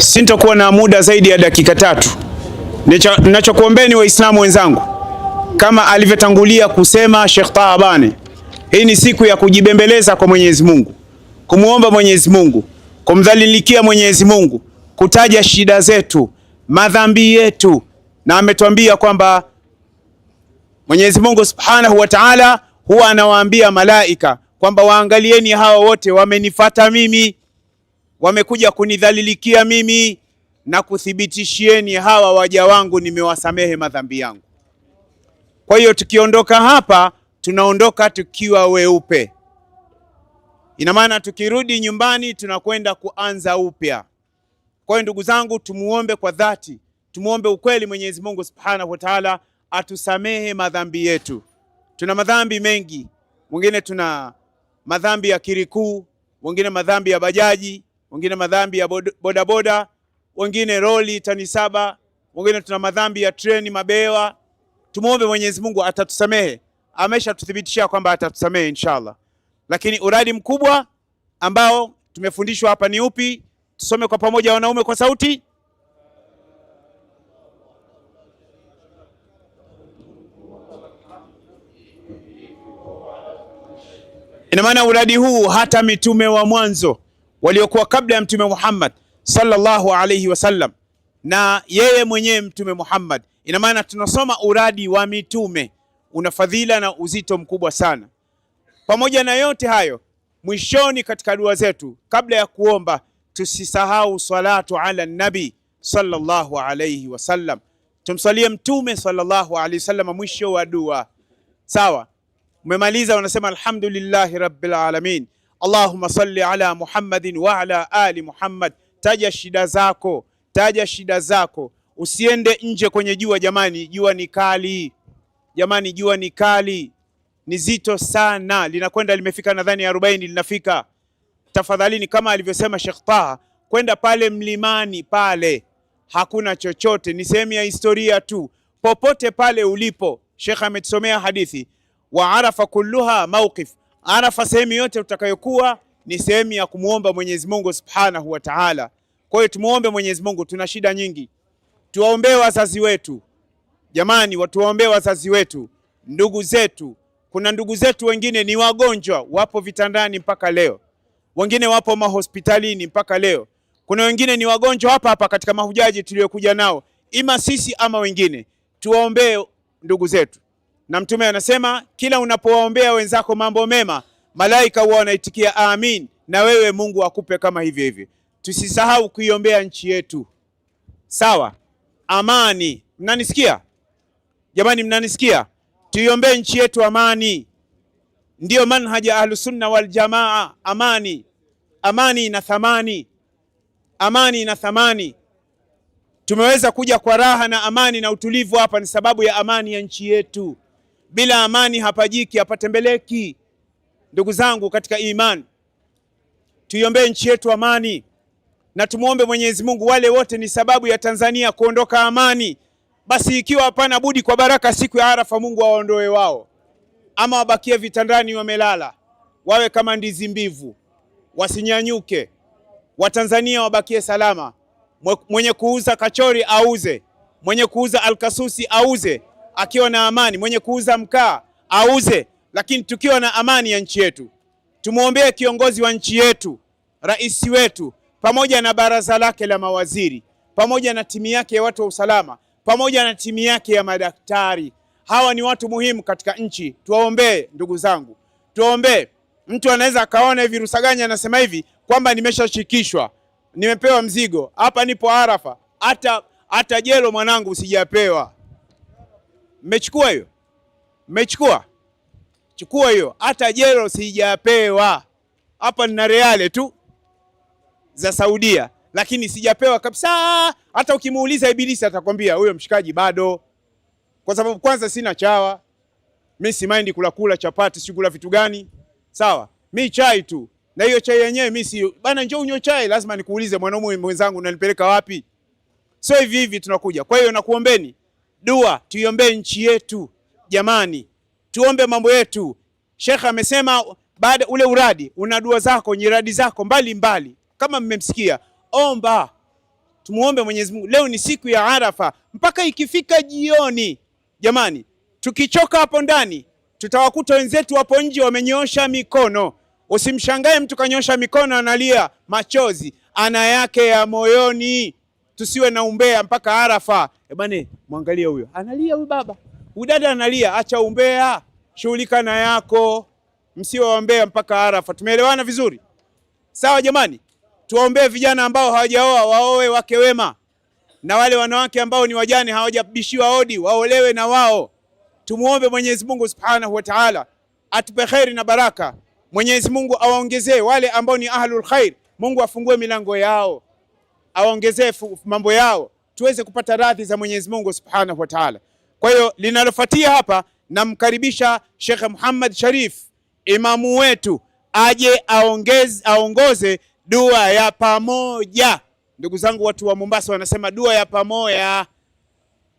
Sintokuwa na muda zaidi ya dakika tatu. Ninachokuombeeni Waislamu wenzangu, kama alivyotangulia kusema Sheikh Taabani, hii ni siku ya kujibembeleza kwa Mwenyezi Mungu, kumwomba Mwenyezi Mungu, kumdhalilikia Mwenyezi Mungu, kutaja shida zetu, madhambi yetu, na ametuambia kwamba Mwenyezi Mungu Subhanahu wa Ta'ala huwa anawaambia malaika kwamba waangalieni hawa wote wamenifata mimi wamekuja kunidhalilikia mimi na kuthibitishieni hawa waja wangu nimewasamehe madhambi yangu. Kwa hiyo tukiondoka hapa tunaondoka tukiwa weupe. Ina maana tukirudi nyumbani tunakwenda kuanza upya. Kwa hiyo ndugu zangu, tumuombe kwa dhati, tumuombe ukweli Mwenyezi Mungu Subhanahu wa Ta'ala atusamehe madhambi yetu. Tuna madhambi mengi, wengine tuna madhambi ya kirikuu, wengine madhambi ya bajaji, wengine madhambi ya bodaboda boda, wengine roli tani saba, wengine tuna madhambi ya treni mabewa. Tumwombe Mwenyezi Mungu atatusamehe, ameshatuthibitishia kwamba atatusamehe inshallah. Lakini uradi mkubwa ambao tumefundishwa hapa ni upi? Tusome kwa pamoja, wanaume kwa sauti. Ina maana uradi huu hata mitume wa mwanzo waliokuwa kabla ya Mtume Muhammad sallallahu alayhi wasallam na yeye mwenyewe Mtume Muhammad. Ina maana tunasoma uradi wa mitume una fadhila na uzito mkubwa sana. Pamoja na yote hayo, mwishoni katika dua zetu, kabla ya kuomba, tusisahau salatu ala nabi sallallahu alayhi wasallam. Tumsalie Mtume sallallahu alayhi wasallam mwisho wa dua. Sawa, umemaliza, unasema alhamdulillahi rabbil alamin. Allahumma salli ala Muhammadin wa ala ali Muhammad. Taja shida zako, taja shida zako, usiende nje kwenye jua. Jamani, jua ni kali, jamani, jua ni kali, ni zito sana, linakwenda limefika nadhani 40 linafika. Tafadhalini, kama alivyosema Sheikh Taha, kwenda pale mlimani pale, hakuna chochote, ni sehemu ya historia tu. Popote pale ulipo, Sheikh ametusomea hadithi wa arafa kulluha mawqif Arafa, sehemu yote utakayokuwa ni sehemu ya kumwomba Mwenyezi Mungu Subhanahu wa Ta'ala. Kwa hiyo tumuombe Mwenyezi Mungu, tuna shida nyingi. Tuwaombee wazazi wetu jamani, watuwaombee wazazi wetu, ndugu zetu. Kuna ndugu zetu wengine ni wagonjwa, wapo vitandani mpaka leo, wengine wapo mahospitalini mpaka leo. Kuna wengine ni wagonjwa hapa hapa katika mahujaji tuliyokuja nao, ima sisi ama wengine. Tuwaombee ndugu zetu na Mtume anasema kila unapowaombea wenzako mambo mema, malaika huwa wanaitikia amin, na wewe Mungu akupe kama hivyo hivyo. Tusisahau kuiombea nchi yetu, sawa? Amani, mnanisikia jamani? Mnanisikia? Tuiombee nchi yetu amani, ndiyo manhaja ahlusunna waljamaa. Amani, amani ina thamani, amani ina thamani. Tumeweza kuja kwa raha na amani na utulivu hapa ni sababu ya amani ya nchi yetu. Bila amani hapajiki, hapatembeleki. Ndugu zangu katika imani, tuiombee nchi yetu amani na tumwombe Mwenyezi Mungu. Wale wote ni sababu ya Tanzania kuondoka amani, basi ikiwa hapana budi, kwa baraka siku ya Arafa, Mungu awaondoe wao, ama wabakie vitandani wamelala, wawe kama ndizi mbivu, wasinyanyuke. Watanzania wabakie salama. Mwenye kuuza kachori auze, mwenye kuuza alkasusi auze akiwa na amani, mwenye kuuza mkaa auze, lakini tukiwa na amani ya nchi yetu. Tumwombee kiongozi wa nchi yetu, rais wetu, pamoja na baraza lake la mawaziri, pamoja na timu yake ya watu wa usalama, pamoja na timu yake ya madaktari. Hawa ni watu muhimu katika nchi, tuwaombee ndugu zangu, tuwaombee. Mtu anaweza akaona hivi Rusaganya anasema hivi kwamba nimeshashikishwa, nimepewa mzigo hapa, nipo Arafa, hata hata jelo mwanangu usijapewa Mmechukua hiyo? Mmechukua? Chukua hiyo. Hata jero sijapewa hapa, nina reale tu za Saudia, lakini sijapewa kabisa. Hata ukimuuliza Ibilisi atakwambia huyo mshikaji bado, kwa sababu kwanza sina chawa mi, si mind kula kula chapati, si kula vitu gani, sawa? Mi chai tu, na hiyo chai yenyewe mi si bana, njoo unywe chai, lazima nikuulize mwanaume mwenzangu, unanipeleka wapi? Sio hivi hivi tunakuja. Kwa hiyo nakuombeni dua, tuiombee nchi yetu jamani, tuombe mambo yetu. shekhe amesema baada ule uradi una dua zako nyiradi zako mbalimbali mbali. Kama mmemsikia omba, tumuombe Mwenyezi Mungu. Leo ni siku ya Arafa mpaka ikifika jioni jamani, tukichoka hapo ndani tutawakuta wenzetu hapo nje wamenyosha mikono. Usimshangae mtu kanyosha mikono analia machozi, ana yake ya moyoni tusiwe na umbea mpaka Arafa. Eh bane, huyo analia, huyu baba udada analia. Acha umbea, shughulika na yako, msiwe wambea mpaka Arafa. Tumeelewana vizuri? Sawa jamani, tuwaombee vijana ambao hawajaoa waoe wake wema, na wale wanawake ambao ni wajane hawajabishiwa hodi waolewe na wao. Tumuombe Mwenyezi Mungu Subhanahu wa Ta'ala atupe kheri na baraka. Mwenyezi Mungu awaongezee wale ambao ni ahlul khair, Mungu afungue milango yao awaongezee mambo yao, tuweze kupata radhi za Mwenyezi Mungu Subhanahu wa Ta'ala. Kwa hiyo linalofuatia hapa, namkaribisha Sheikh Muhammad Sharif imamu wetu aje aongeze, aongoze dua ya pamoja. Ndugu zangu, watu wa Mombasa wanasema dua ya pamoja,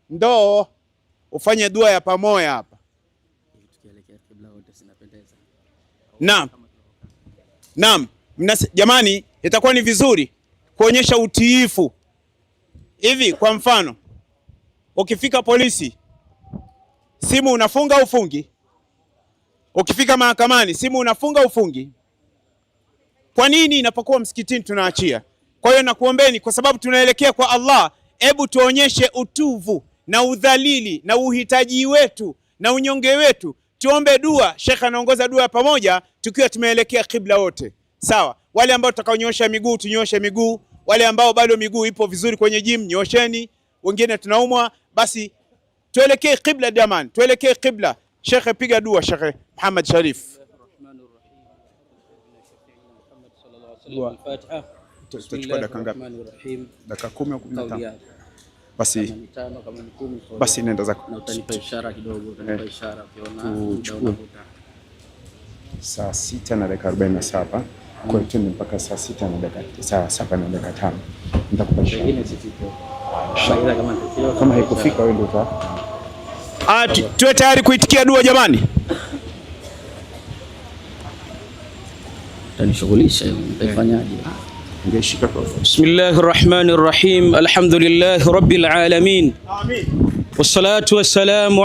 ndoo ufanye dua ya pamoja hapa. Naam, naam, jamani, itakuwa ni vizuri kuonyesha utiifu. Hivi kwa mfano, ukifika polisi simu unafunga ufungi? Ukifika mahakamani simu unafunga ufungi? Kwa nini inapokuwa msikitini tunaachia? Kwa hiyo nakuombeni, kwa sababu tunaelekea kwa Allah, hebu tuonyeshe utuvu na udhalili na uhitaji wetu na unyonge wetu, tuombe dua. Sheikh anaongoza dua pamoja, tukiwa tumeelekea kibla wote. Sawa, wale ambao tutakaonyosha miguu tunyoshe miguu, wale ambao bado miguu ipo vizuri kwenye gym nyosheni, wengine tunaumwa, basi tuelekee kibla jamani, tuelekee qibla. Shekhe, piga dua Shekhe Muhammad Sharif. basi basi, nenda zako eh. saa sita na dakika arobaini na saba kwa hiyo tena mpaka saa sita na saa saba na dakika tano nitakupandisha. Kama haikufika wewe ndio ah, tuwe tayari kuitikia dua jamani. Tanishughulisha utafanyaje? Ningeshika kwa. Bismillahir Rahmanir Rahim. Alhamdulillahirabbil alamin. Amin. Wassalatu wassalamu